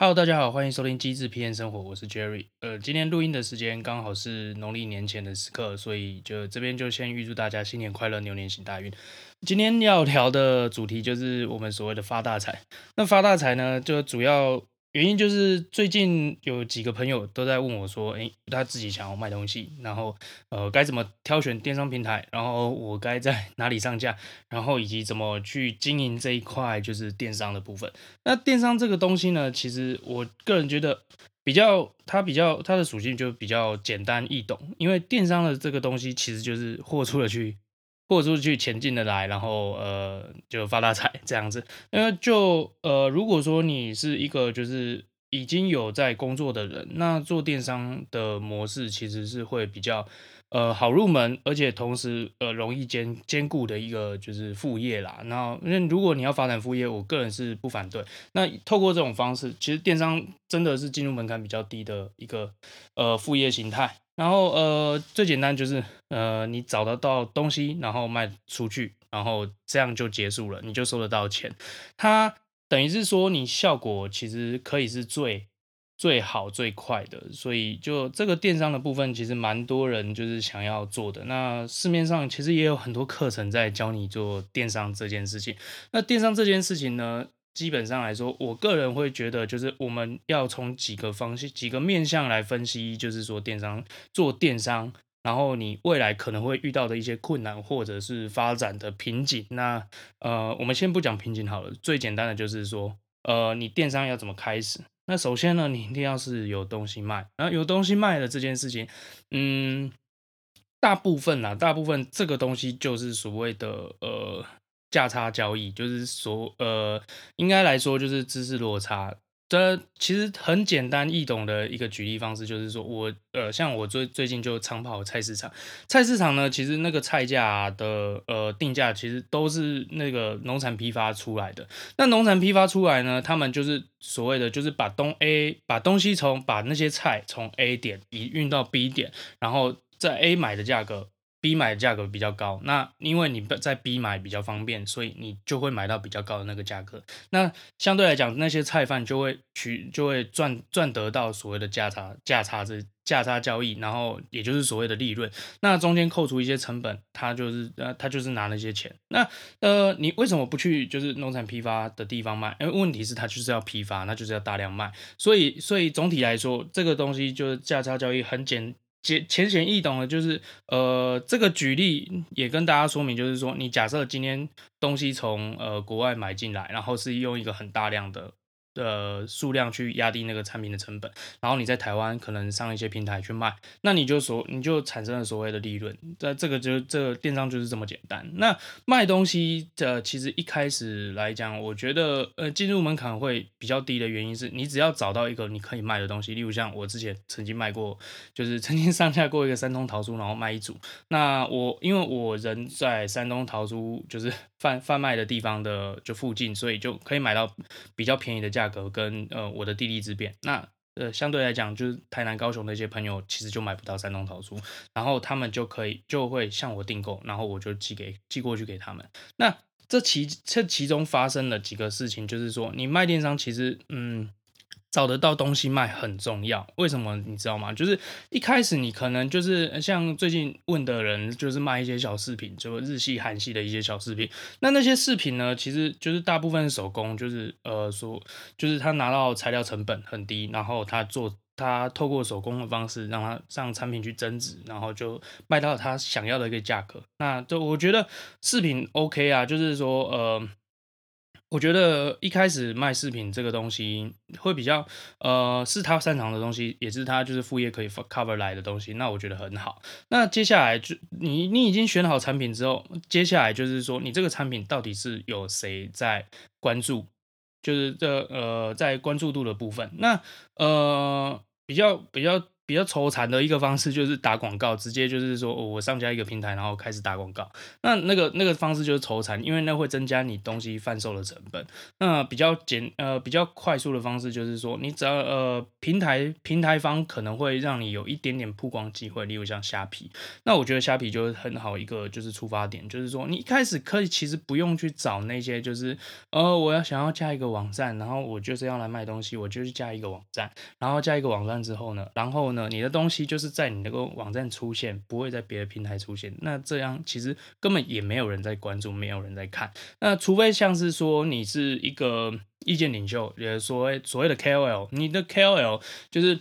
Hello，大家好，歡迎收聽機智 PM 生活，我是 Jerry。呃，今天錄音的時間剛好是農曆年前的時刻，所以就這邊就先預祝大家新年快樂，牛年行大運。今天要聊的主題就是我們所謂的發大財。那發大財呢，就主要。原因就是最近有幾個朋友都在問我，說：“誒、欸，他自己想要賣東西，然後呃該怎麼挑選電商平台，然後我該在哪裡上架，然後以及怎麼去經營這一塊就是電商的部分。”那電商這個東西呢，其實我個人覺得比較它比較它的屬性就比較簡單易懂，因為電商的這個東西其實就是貨出得去。貨出得去，錢進得來，然後呃就發大財這樣子。那就呃如果說你是一個就是已經有在工作的人，那做電商的模式其實是會比較呃好入門，而且同時呃容易兼兼顧的一個就是副業啦。然後如果你要發展副業，我個人是不反對。那透過這種方式，其實電商真的是進入門檻比較低的一個呃副業形態。然後呃，最簡單就是呃，你找得到東西，然後賣出去，然後這樣就結束了，你就收得到錢。它等於是說，你效果其實可以是最最好最快的，所以就這個電商的部分，其實蠻多人就是想要做的。那市面上其實也有很多課程在教你做電商這件事情。那電商這件事情呢，基本上來說，我個人會覺得，就是我們要從幾個方式、幾個面向來分析，就是說電商、做電商，然後你未來可能會遇到的一些困難，或者是發展的瓶頸。那呃，我們先不講瓶頸好了。最簡單的就是說，呃，你電商要怎麼開始？那首先呢，你一定要是有東西賣。然後有東西賣的這件事情，嗯，大部分啊，大部分這個東西就是所謂的呃。價差交易就是所呃，應該來說就是知識落差的。這其實很簡單易懂的一個舉例方式就是說我，我呃，像我最最近就常跑菜市場。菜市場呢，其實那個菜價的呃定價其實都是那個農產批發出來的。那農產批發出來呢，他們就是所謂的就是把東 A 把東西從把那些菜從 A 點移運到 B 點，然後在 A 買的價格，B 買的價格比較高，那因為你在 B 買比較方便，所以你就會買到比較高的那個價格。那相對來講，那些菜販就會取就會賺賺得到所謂的價差價差這價差交易，然後也就是所謂的利潤。那中間扣除一些成本，他就是呃他就是拿那些錢。那呃你為什麼不去就是農產批發的地方賣？因為問題是他就是要批發，那就是要大量賣。所以所以總體來說，這個東西就是價差交易很簡單。淺顯易懂的就是，呃，這個舉例也跟大家說明，就是說，你假設今天東西從，呃，國外買進來，然後是用一個很大量的。的、呃、數量去壓低那個產品的成本，然後你在台灣可能上一些平台去賣，那你就所你就產生了所謂的利潤。這這個就這個、電商就是這麼簡單。那賣東西的、呃、其實一開始來講，我覺得呃進入門檻會比較低的原因是你只要找到一個你可以賣的東西，例如像我之前曾經賣過，就是曾經上架過一個山東桃酥，然後賣一組。那我因為我人在山東桃酥就是販販賣的地方的就附近，所以就可以買到比較便宜的價格跟呃我的地利之便。那呃相對來講，就是台南、高雄那些朋友其實就買不到山東桃酥，然後他們就可以就會向我訂購，然後我就寄給寄過去給他們。那這其這其中發生了幾個事情，就是說你賣電商其實嗯。找得到東西賣很重要，為什麼你知道嗎？就是一開始你可能就是像最近問的人，就是賣一些小飾品，就日系、韓系的一些小飾品。那那些飾品呢，其實就是大部分手工，就是呃說，就是他拿到材料成本很低，然後他做，他透過手工的方式讓他上產品去增值，然後就賣到他想要的一個價格。那就我覺得飾品 OK 啊，就是說呃。我覺得一開始賣飾品這個東西會比較，呃，是他擅長的東西，也是他就是副業可以 cover 來的東西，那我覺得很好。那接下來就你你已經選好產品之後，接下來就是說你這個產品到底是有誰在關注，就是這呃在關注度的部分，那呃比較比較。比較比較愁殘的一個方式就是打廣告，直接就是說、哦、我上架一個平台，然後開始打廣告。那那個那個方式就是愁殘，因為那會增加你東西販售的成本。那比較簡呃比較快速的方式就是說，你只要呃平台平台方可能會讓你有一點點曝光機會，例如像蝦皮。那我覺得蝦皮就是很好一個就是出發點，就是說你一開始可以其實不用去找那些就是呃我要想要加一個網站，然後我就是要來賣東西，我就去加一個網站。然後加一個網站之後呢，然後呢。你的東西就是在你那個網站出現，不會在別的平台出現。那這樣其實根本也沒有人在關注，沒有人在看。那除非像是說你是一個意見領袖，也所謂所謂的 KOL，你的 KOL 就是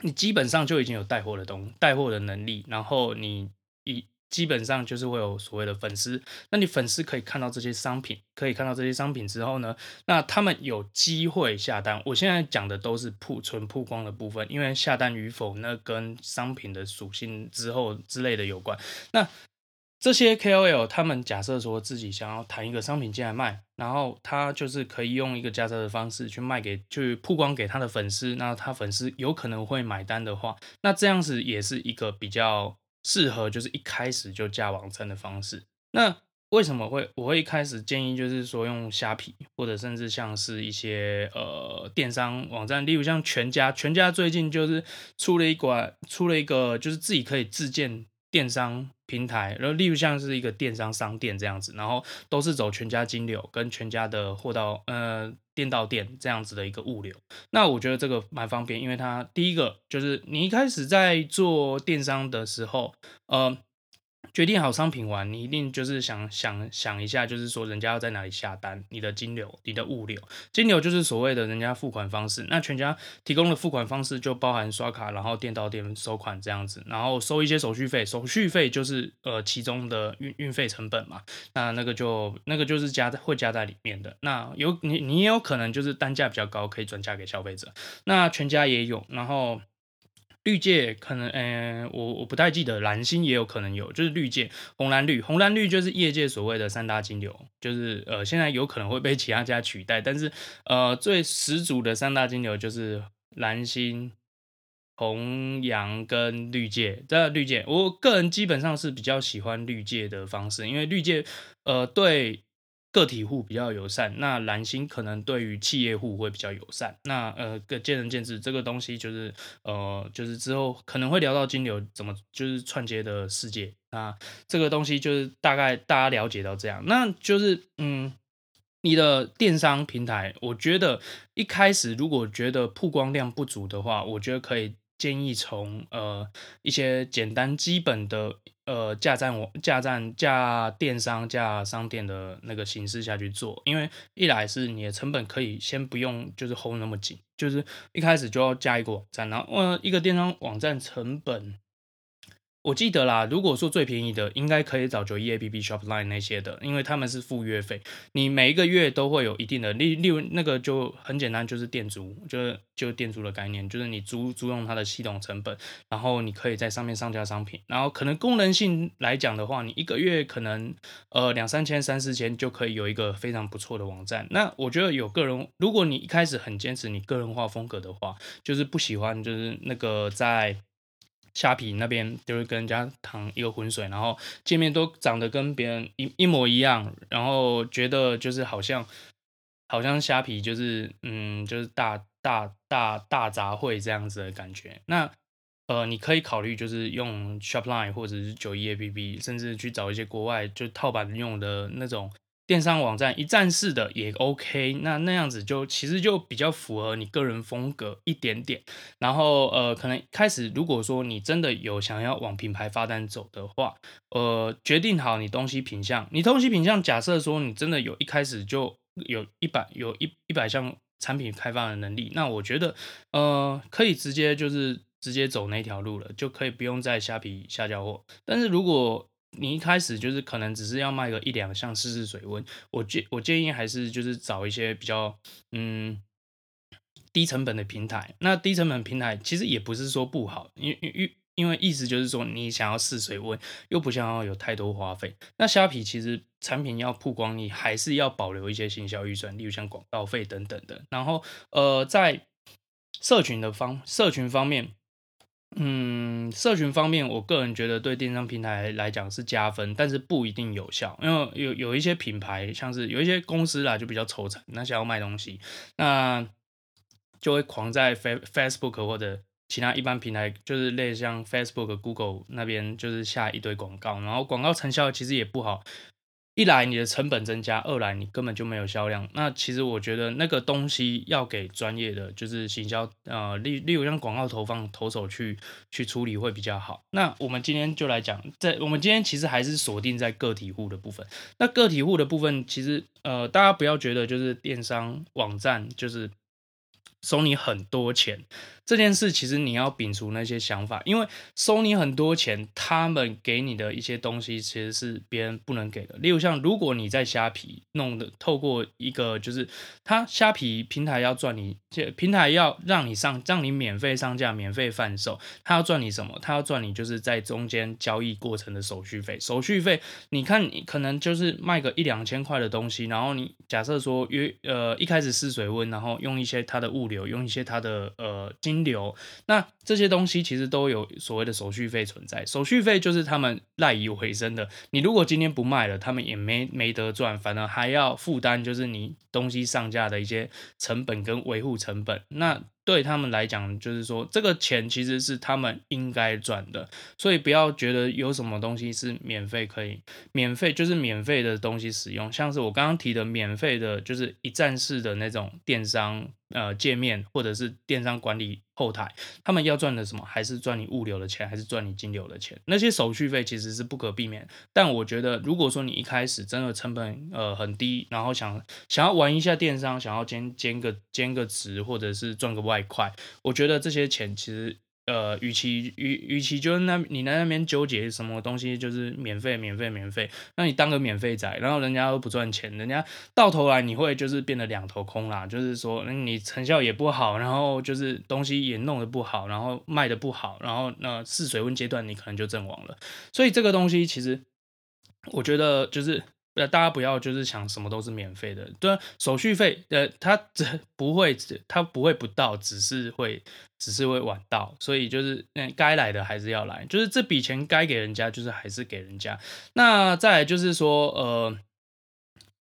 你基本上就已經有帶貨的東西、帶貨的能力，然後你一。基本上就是會有所謂的粉絲，那你粉絲可以看到這些商品，可以看到這些商品之後呢，那他們有機會下單。我現在講的都是曝純曝光的部分，因為下單與否，那跟商品的屬性之後之類的有關。那這些 KOL 他們假設說自己想要談一個商品進來賣，然後他就是可以用一個加價的方式去賣給去曝光給他的粉絲，那他粉絲有可能會買單的話，那這樣子也是一個比較。適合就是一開始就架網站的方式。那為什麼會我會一開始建議就是說用蝦皮，或者甚至像是一些呃電商網站，例如像全家，全家最近就是出了一款，出了一個就是自己可以自建電商。平台，然後例如像是一個電商商店這樣子，然後都是走全家金流跟全家的貨到，呃，店到店這樣子的一個物流。那我覺得這個蠻方便，因為它第一個就是你一開始在做電商的時候，呃。決定好商品完，你一定就是想想想一下，就是說人家要在哪裡下單，你的金流、你的物流，金流就是所謂的人家付款方式。那全家提供的付款方式就包含刷卡，然後店到店收款這樣子，然後收一些手續費，手續費就是呃其中的運運費成本嘛。那那個就那個就是加在會加在裡面的。那有你你也有可能就是單價比較高，可以轉嫁給消費者。那全家也有，然後。綠界可能，嗯、欸、我我不太記得，藍新也有可能有，就是綠界、紅藍綠、紅藍綠就是業界所謂的三大金流，就是呃，現在有可能會被其他家取代，但是呃，最十足的三大金流就是藍新、紅陽跟綠界，在、這個、綠界，我個人基本上是比較喜歡綠界的方式，因為綠界呃對。個體戶比較友善，那藍星可能對於企業戶會比較友善，那呃，個見仁見智，這個東西就是呃，就是之後可能會聊到金流怎麼就是串接的世界，那這個東西就是大概大家了解到這樣，那就是嗯，你的電商平台，我覺得一開始如果覺得曝光量不足的話，我覺得可以建議從呃一些簡單基本的。呃，架站網、架站、架電商、架商店的那個形式下去做，因為一來是你的成本可以先不用，就是 hold 那麼緊，就是一開始就要架一個網站，然後一個電商網站成本。我記得啦，如果說最便宜的，應該可以找 91APP Shopline 那些的，因為他們是付月費，你每一個月都會有一定的利利潤。那個就很簡單，就是店主，就是就店主的概念，就是你租租用它的系統成本，然後你可以在上面上架商品，然後可能功能性來講的話，你一個月可能呃兩三千、三四千就可以有一個非常不錯的網站。那我覺得有個人，如果你一開始很堅持你個人化風格的話，就是不喜歡就是那個在。蝦皮那邊就是跟人家淌一個渾水，然後見面都長得跟別人一一模一樣，然後覺得就是好像好像蝦皮就是嗯就是大大大大雜燴這樣子的感覺。那呃你可以考慮就是用 Shopline 或者是九一 APP，甚至去找一些國外就套版用的那種。電商網站一站式的也 OK，那那樣子就其實就比較符合你個人風格一點點。然後呃，可能開始如果說你真的有想要往品牌發展走的話，呃，決定好你東西品項，你東西品項假設說你真的有一開始就有一百有一一百項產品開發的能力，那我覺得呃可以直接就是直接走那條路了，就可以不用再蝦皮下交貨。但是如果你一開始就是可能只是要賣個一兩項試試水溫，我建我建議還是就是找一些比較嗯低成本的平台。那低成本平台其實也不是說不好，因因因為意思就是說你想要試水溫又不想要有太多花費。那蝦皮其實產品要曝光你，你還是要保留一些行銷預算，例如像廣告費等等的。然後呃，在社群的方社群方面。嗯，社群方面，我個人覺得對電商平台來講是加分，但是不一定有效，因為有有一些品牌，像是有一些公司啦，就比較抽財，那想要賣東西，那就會狂在 Facebook 或者其他一般平台，就是類似像 Facebook、Google 那邊，就是下一堆廣告，然後廣告成效其實也不好。一來你的成本增加，二來你根本就沒有銷量。那其實我覺得那個東西要給專業的，就是行銷，啊、呃，例例如像廣告投放投手去去處理會比較好。那我們今天就來講，在我們今天其實還是鎖定在個體戶的部分。那個體戶的部分，其實呃，大家不要覺得就是電商網站就是收你很多錢。這件事其實你要摒除那些想法，因為收你很多錢，他們給你的一些東西其實是別人不能給的。例如像如果你在蝦皮弄的，透過一個就是他蝦皮平台要賺你，平台要讓你上，讓你免費上架、免費販售，他要賺你什麼？他要賺你就是在中間交易過程的手續費。手續費你看你可能就是賣個一兩千塊的東西，然後你假設說約呃，一開始試水溫，然後用一些他的物流，用一些他的呃經。流，那這些東西其實都有所謂的手續費存在，手續費就是他們賴以維生的。你如果今天不賣了，他們也沒沒得賺，反而還要負擔就是你東西上架的一些成本跟維護成本。那對他們來講，就是說這個錢其實是他們應該賺的，所以不要覺得有什麼東西是免費可以免費，就是免費的東西使用，像是我剛剛提的免費的就是一站式的那種電商呃界面或者是電商管理。後台他們要賺的什麼？還是賺你物流的錢，還是賺你金流的錢？那些手續費其實是不可避免。但我覺得，如果說你一開始真的成本呃很低，然後想想要玩一下電商，想要兼兼個兼個職，或者是賺個外快，我覺得這些錢其實。呃，與其與與其就那你在那邊糾結什麼東西，就是免費免費免費，那你當個免費仔，然後人家都不賺錢，人家到頭來你會就是變得兩頭空啦，就是說那、嗯、你成效也不好，然後就是東西也弄得不好，然後賣得不好，然後那試水溫階段你可能就陣亡了，所以這個東西其實我覺得就是。大家不要就是想什麼都是免費的，對啊，手續費，呃，它只不會它不會不到，只是會只是會晚到，所以就是嗯，該來的還是要來，就是這筆錢該給人家就是還是給人家。那再來就是說，呃，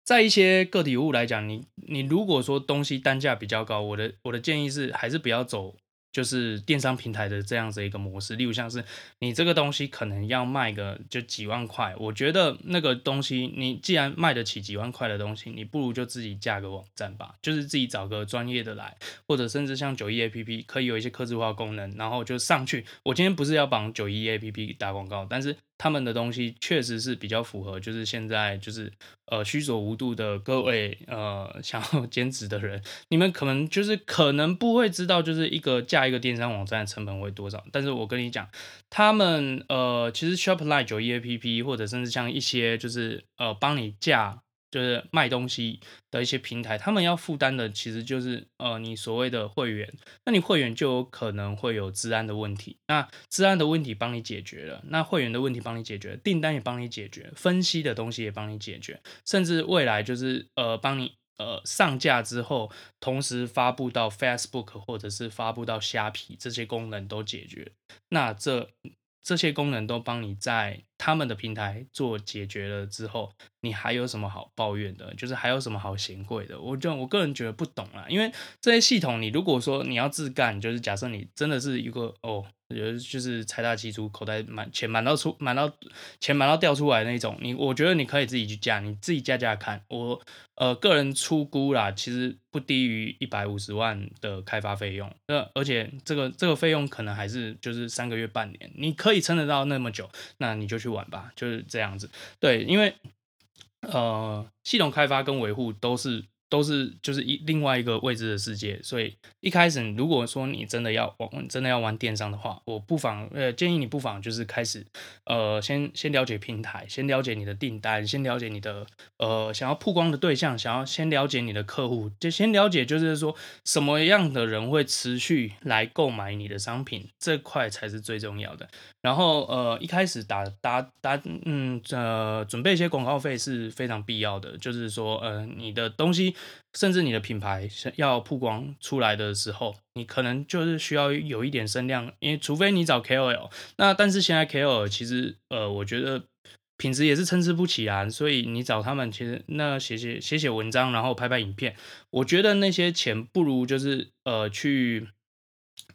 在一些個體戶來講，你你如果說東西單價比較高，我的我的建議是還是不要走。就是電商平台的這樣子一個模式，例如像是你這個東西可能要賣個就幾萬塊，我覺得那個東西你既然賣得起幾萬塊的東西，你不如就自己架個網站吧，就是自己找個專業的來，或者甚至像 91APP 可以有一些客製化功能，然後就上去。我今天不是要幫 91APP 打廣告，但是。他們的東西確實是比較符合，就是現在就是呃虛左無度的各位呃想要兼職的人，你們可能就是可能不會知道，就是一個架一個電商網站的成本會多少，但是我跟你講，他們呃其實 SHOPLINE 91APP 或者甚至像一些就是呃幫你架。就是賣東西的一些平台，他們要負擔的其實就是呃你所謂的會員，那你會員就有可能會有資安的問題，那資安的問題幫你解決了，那會員的問題幫你解決了，訂單也幫你解決，分析的東西也幫你解決，甚至未來就是呃幫你呃上架之後，同時發布到 Facebook 或者是發布到蝦皮這些功能都解決，那這。這些功能都幫你在他們的平台做解決了之後，你還有什麼好抱怨的？就是還有什麼好嫌貴的？我就我個人覺得不懂啦，因為這些系統你如果說你要自幹，就是假設你真的是一個哦、oh。有，就是財大氣粗，口袋滿錢滿到出滿到錢滿到掉出來那種。你我覺得你可以自己去加，你自己加加看。我呃個人初估啦，其實不低於一百五十萬的開發費用。那而且這個這個費用可能還是就是三個月半年，你可以撐得到那麼久，那你就去玩吧，就是這樣子。對，因為呃系統開發跟維護都是。都是就是一另外一個未知的世界，所以一開始如果說你真的要玩，真的要玩電商的話，我不妨呃建議你不妨就是開始呃先先了解平台，先了解你的訂單，先了解你的呃想要曝光的對象，想要先了解你的客戶，就先了解就是說什麼樣的人會持續來購買你的商品，這塊才是最重要的。然後呃一開始打打打嗯呃準備一些廣告費是非常必要的，就是說呃你的東西。甚至你的品牌要曝光出來的時候，你可能就是需要有一點聲量，因為除非你找 KOL，那但是現在 KOL 其實呃，我覺得品質也是參差不齊啊，所以你找他們其實那寫寫寫寫文章，然後拍拍影片，我覺得那些錢不如就是呃去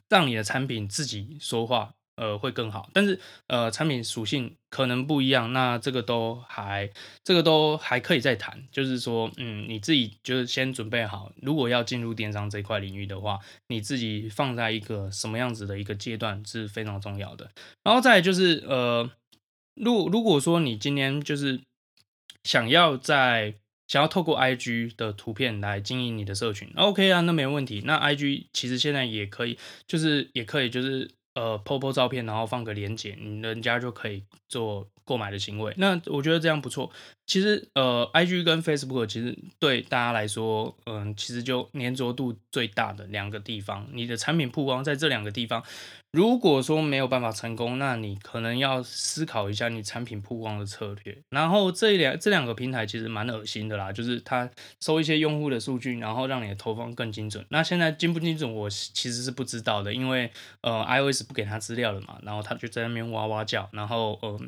讓你的產品自己說話。呃，會更好，但是呃，產品屬性可能不一樣，那這個都還，這個都還可以再談。就是說，嗯，你自己就是先準備好，如果要進入電商這塊領域的話，你自己放在一個什麼樣子的一個階段是非常重要的。然後再來就是，呃，如果如果說你今天就是想要在想要透過 IG 的圖片來經營你的社群，OK 啊，那沒問題。那 IG 其實現在也可以，就是也可以，就是。呃 P O P 照片，然後放個鏈接，人家就可以做。購買的行為，那我覺得這樣不錯。其實，呃，IG 跟 Facebook 其實對大家來說，嗯、呃，其實就黏着度最大的兩個地方。你的產品曝光在這兩個地方，如果說沒有辦法成功，那你可能要思考一下你產品曝光的策略。然後這兩這兩個平台其實蠻惡心的啦，就是它收一些用戶的數據，然後讓你的投放更精準。那現在精不精準，我其實是不知道的，因為呃，iOS 不給他資料了嘛，然後他就在那邊哇哇叫，然後嗯。呃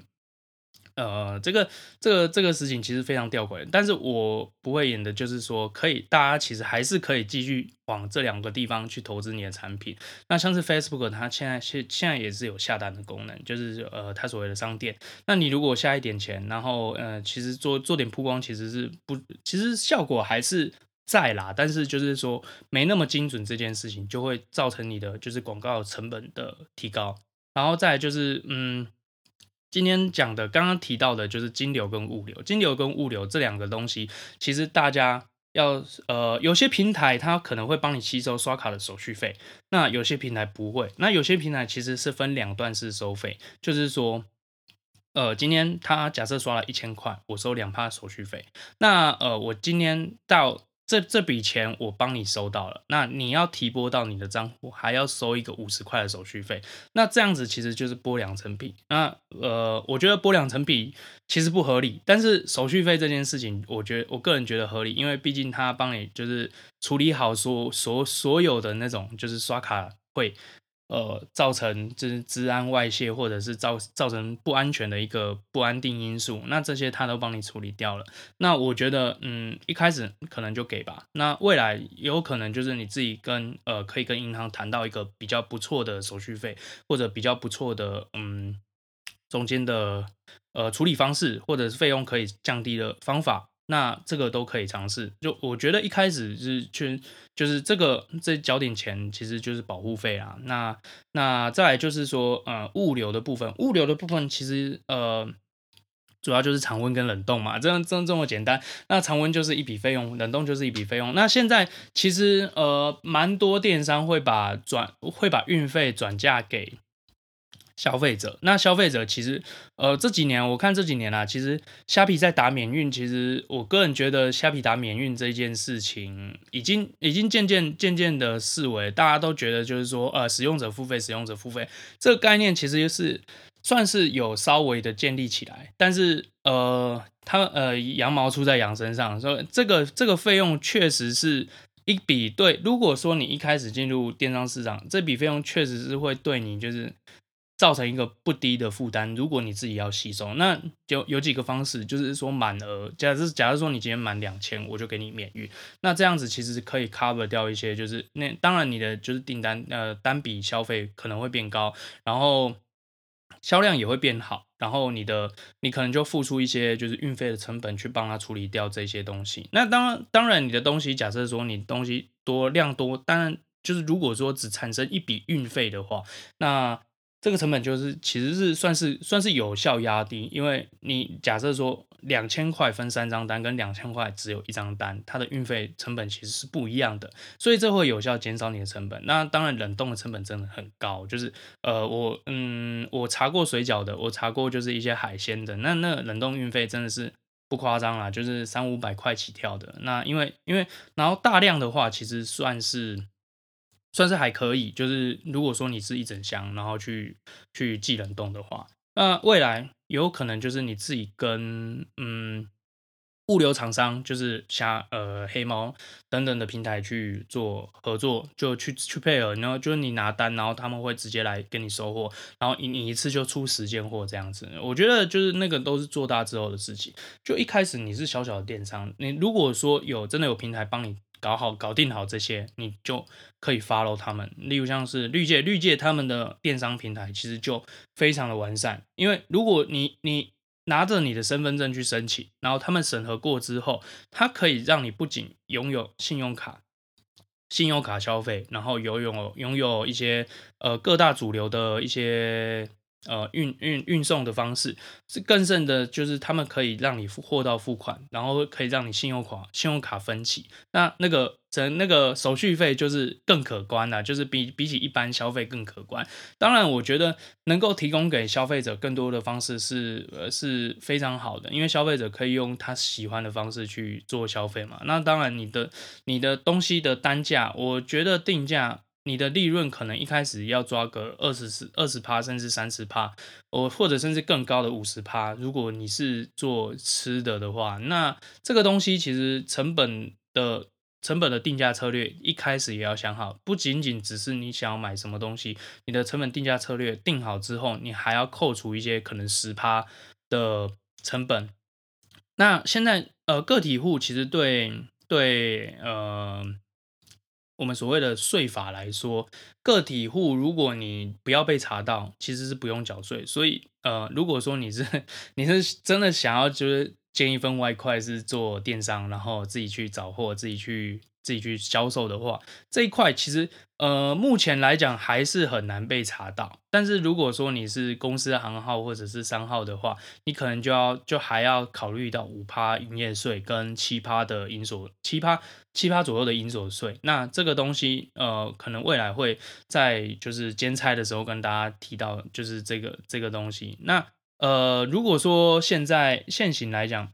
呃，這個這個這個事情其實非常弔詭，但是我不會演的，就是說可以，大家其實還是可以繼續往這兩個地方去投資你的產品。那像是 Facebook，它現在現現在也是有下單的功能，就是呃，它所謂的商店。那你如果下一點錢，然後呃，其實做做點曝光，其實是不，其實效果還是在啦，但是就是說沒那麼精準，這件事情就會造成你的就是廣告成本的提高。然後再來就是嗯。今天講的剛剛提到的就是金流跟物流，金流跟物流這兩個東西，其實大家要呃，有些平台它可能會幫你吸收刷卡的手續費，那有些平台不會，那有些平台其實是分兩段式收費，就是說，呃，今天他假設刷了一千塊，我收兩趴手續費，那呃，我今天到。這這筆錢我幫你收到了，那你要提撥到你的賬戶還要收一個五十塊的手續費，那這樣子其實就是剝兩層皮。那呃，我覺得剝兩層皮其實不合理，但是手續費這件事情，我覺得我個人覺得合理，因為畢竟他幫你就是處理好所所所有的那種就是刷卡會。呃，造成就是資安外洩，或者是造造成不安全的一個不安定因素，那這些他都幫你處理掉了。那我覺得，嗯，一開始可能就給吧。那未來有可能就是你自己跟呃，可以跟銀行談到一個比較不錯的手續費，或者比較不錯的嗯中間的呃處理方式，或者是費用可以降低的方法。那這個都可以嘗試，就我覺得一開始、就是去就是這個這交點錢，其實就是保護費啊。那那再來就是說，呃，物流的部分，物流的部分其實呃主要就是常溫跟冷凍嘛這樣，這樣這麼簡單。那常溫就是一筆費用，冷凍就是一筆費用。那現在其實呃蠻多電商會把轉會把運費轉嫁給。消費者，那消費者其實，呃，這幾年我看這幾年啊，其實蝦皮在打免運，其實我個人覺得蝦皮打免運這件事情已，已經已經漸漸漸漸的視為大家都覺得就是說，呃，使用者付費，使用者付費這個概念，其實就是算是有稍微的建立起來，但是呃，它呃，羊毛出在羊身上，所以這個這個費用確實是一筆對，如果說你一開始進入電商市場，這筆費用確實是會對你就是。造成一個不低的負擔。如果你自己要吸收，那就有幾個方式，就是說滿額。假設，假設說你今天滿兩千，我就給你免運。那這樣子其實是可以 cover 掉一些，就是那當然你的就是訂單，呃，單筆消費可能會變高，然後銷量也會變好，然後你的你可能就付出一些就是運費的成本去幫他處理掉這些東西。那當然，當然你的東西，假設說你東西多量多，當然就是如果說只產生一筆運費的話，那。這個成本就是，其實是算是算是有效壓低，因為你假設說兩千塊分三張單，跟兩千塊只有一張單，它的運費成本其實是不一樣的，所以這會有效減少你的成本。那當然冷凍的成本真的很高，就是呃我嗯我查過水餃的，我查過就是一些海鮮的，那那冷凍運費真的是不誇張啦，就是三五百塊起跳的。那因為因為然後大量的話，其實算是。算是還可以，就是如果說你是一整箱，然後去去寄冷凍的話，那未來有可能就是你自己跟嗯物流廠商，就是像呃黑貓等等的平台去做合作，就去去配合，然後就是你拿單，然後他們會直接來跟你收貨，然後你你一次就出十件貨這樣子。我覺得就是那個都是做大之後的事情，就一開始你是小小的電商，你如果說有真的有平台幫你。搞好搞定好這些，你就可以 follow 他們。例如像是綠界，綠界他們的電商平台其實就非常的完善。因為如果你你拿着你的身份證去申請，然後他們審核過之後，它可以讓你不僅擁有信用卡，信用卡消費，然後擁有，擁有一些呃各大主流的一些。呃，運運運送的方式是更甚的，就是他們可以讓你貨到付款，然後可以讓你信用卡信用卡分期，那那個整那個手續費就是更可觀了，就是比比起一般消費更可觀。當然，我覺得能夠提供給消費者更多的方式是呃是非常好的，因為消費者可以用他喜歡的方式去做消費嘛。那當然，你的你的東西的單價，我覺得定價。你的利潤可能一開始要抓個二十、二十趴，甚至三十趴，或者甚至更高的五十趴。如果你是做吃的的話，那這個東西其實成本的成本的定價策略一開始也要想好，不僅僅只是你想要買什麼東西，你的成本定價策略定好之後，你還要扣除一些可能十趴的成本。那現在呃，個體戶其實對對呃。我們所謂的稅法來說，個體戶如果你不要被查到，其實是不用繳稅。所以，呃，如果說你是你是真的想要就是兼一份外快，是做電商，然後自己去找貨，自己去。自己去銷售的話，這一塊其實呃，目前來講還是很難被查到。但是如果說你是公司行號或者是商號的話，你可能就要就還要考慮到五趴營業稅跟七趴的營所，七趴七趴左右的營所稅。那這個東西呃，可能未來會在就是兼差的時候跟大家提到，就是這個這個東西。那呃，如果說現在現行來講，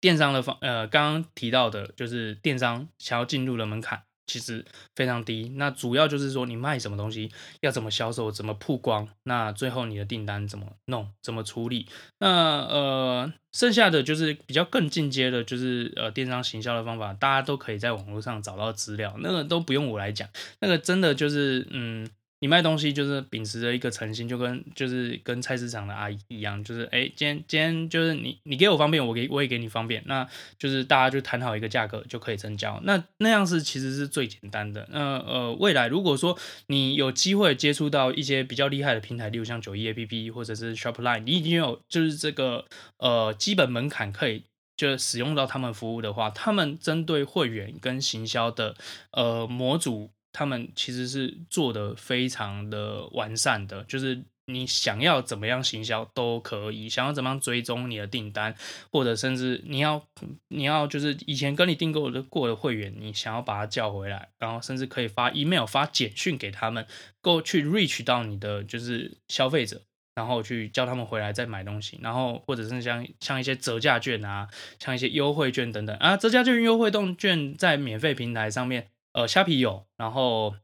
電商的方，呃，剛剛提到的就是電商想要進入的門檻其實非常低。那主要就是說你賣什麼東西，要怎麼銷售，怎麼曝光，那最後你的訂單怎麼弄，怎麼處理。那呃，剩下的就是比較更進階的，就是呃，電商行銷的方法，大家都可以在網絡上找到資料，那個都不用我來講，那個真的就是嗯。你賣東西就是秉持着一個誠心，就跟就是跟菜市場的阿姨一樣，就是哎、欸，今天今天就是你你給我方便，我給我也給你方便，那就是大家就談好一個價格就可以成交。那那樣是其實是最簡單的。那呃，未來如果說你有機會接觸到一些比較厲害的平台，例如像 91APP 或者是 Shopline，你已經有就是這個呃基本門檻可以就使用到他們服務的話，他們針對會員跟行銷的呃模組。他們其實是做得非常的完善的，就是你想要怎麼樣行銷都可以，想要怎麼樣追蹤你的訂單，或者甚至你要你要就是以前跟你訂購過的會員，你想要把他叫回來，然後甚至可以發 email 發簡訊給他們，夠去 reach 到你的就是消費者，然後去叫他們回來再買東西，然後或者是像像一些折價券啊，像一些優惠券等等啊，折價券優惠券在免費平台上面。呃，蝦皮有，然後，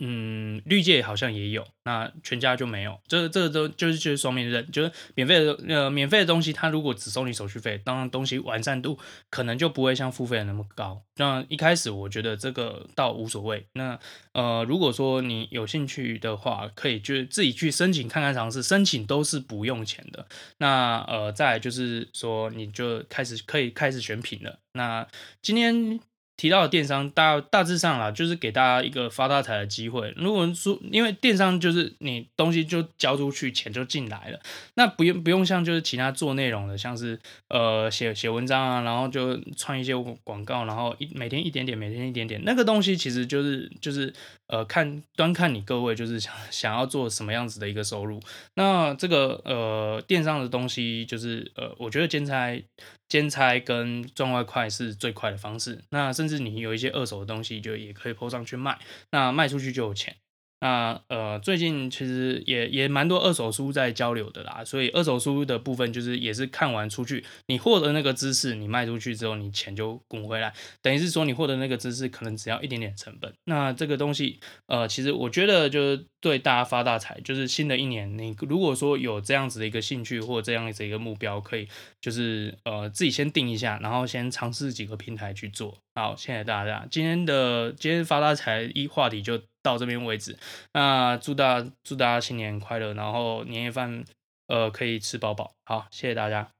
嗯，綠界好像也有，那全家就沒有。這這個都就是就是雙面刃，就是免費的呃免費的東西，它如果只收你手續費，當然東西完善度可能就不會像付費的那麼高。那一開始我覺得這個倒無所謂。那呃，如果說你有興趣的話，可以就自己去申請看看嘗試，申請都是不用錢的。那呃，再來就是說你就開始可以開始選品了。那今天。提到的電商，大大致上啦，就是給大家一個發大財的機會。如果說，因為電商就是你東西就交出去，錢就進來了，那不用不用像就是其他做內容的，像是呃寫寫文章啊，然後就串一些廣告，然後一每天一點點，每天一點點，那個東西其實就是就是。呃，看端看你各位就是想想要做什麼樣子的一個收入，那這個呃電商的東西就是呃，我覺得兼差兼差跟賺外快是最快的方式，那甚至你有一些二手的東西就也可以 po 上去賣，那賣出去就有錢。那呃，最近其實也也蠻多二手書在交流的啦，所以二手書的部分就是也是看完出去，你獲得那個知識，你賣出去之後，你錢就滾回來，等於是說你獲得那個知識，可能只要一點點成本。那這個東西，呃，其實我覺得就是對大家發大財，就是新的一年，你如果說有這樣子的一個興趣或這樣子的一個目標，可以就是呃自己先定一下，然後先嘗試幾個平台去做。好，謝謝大家，今天的今天發大財一話題就。到這邊為止，那祝大祝大家新年快樂，然後年夜飯，呃，可以吃飽飽，好，謝謝大家。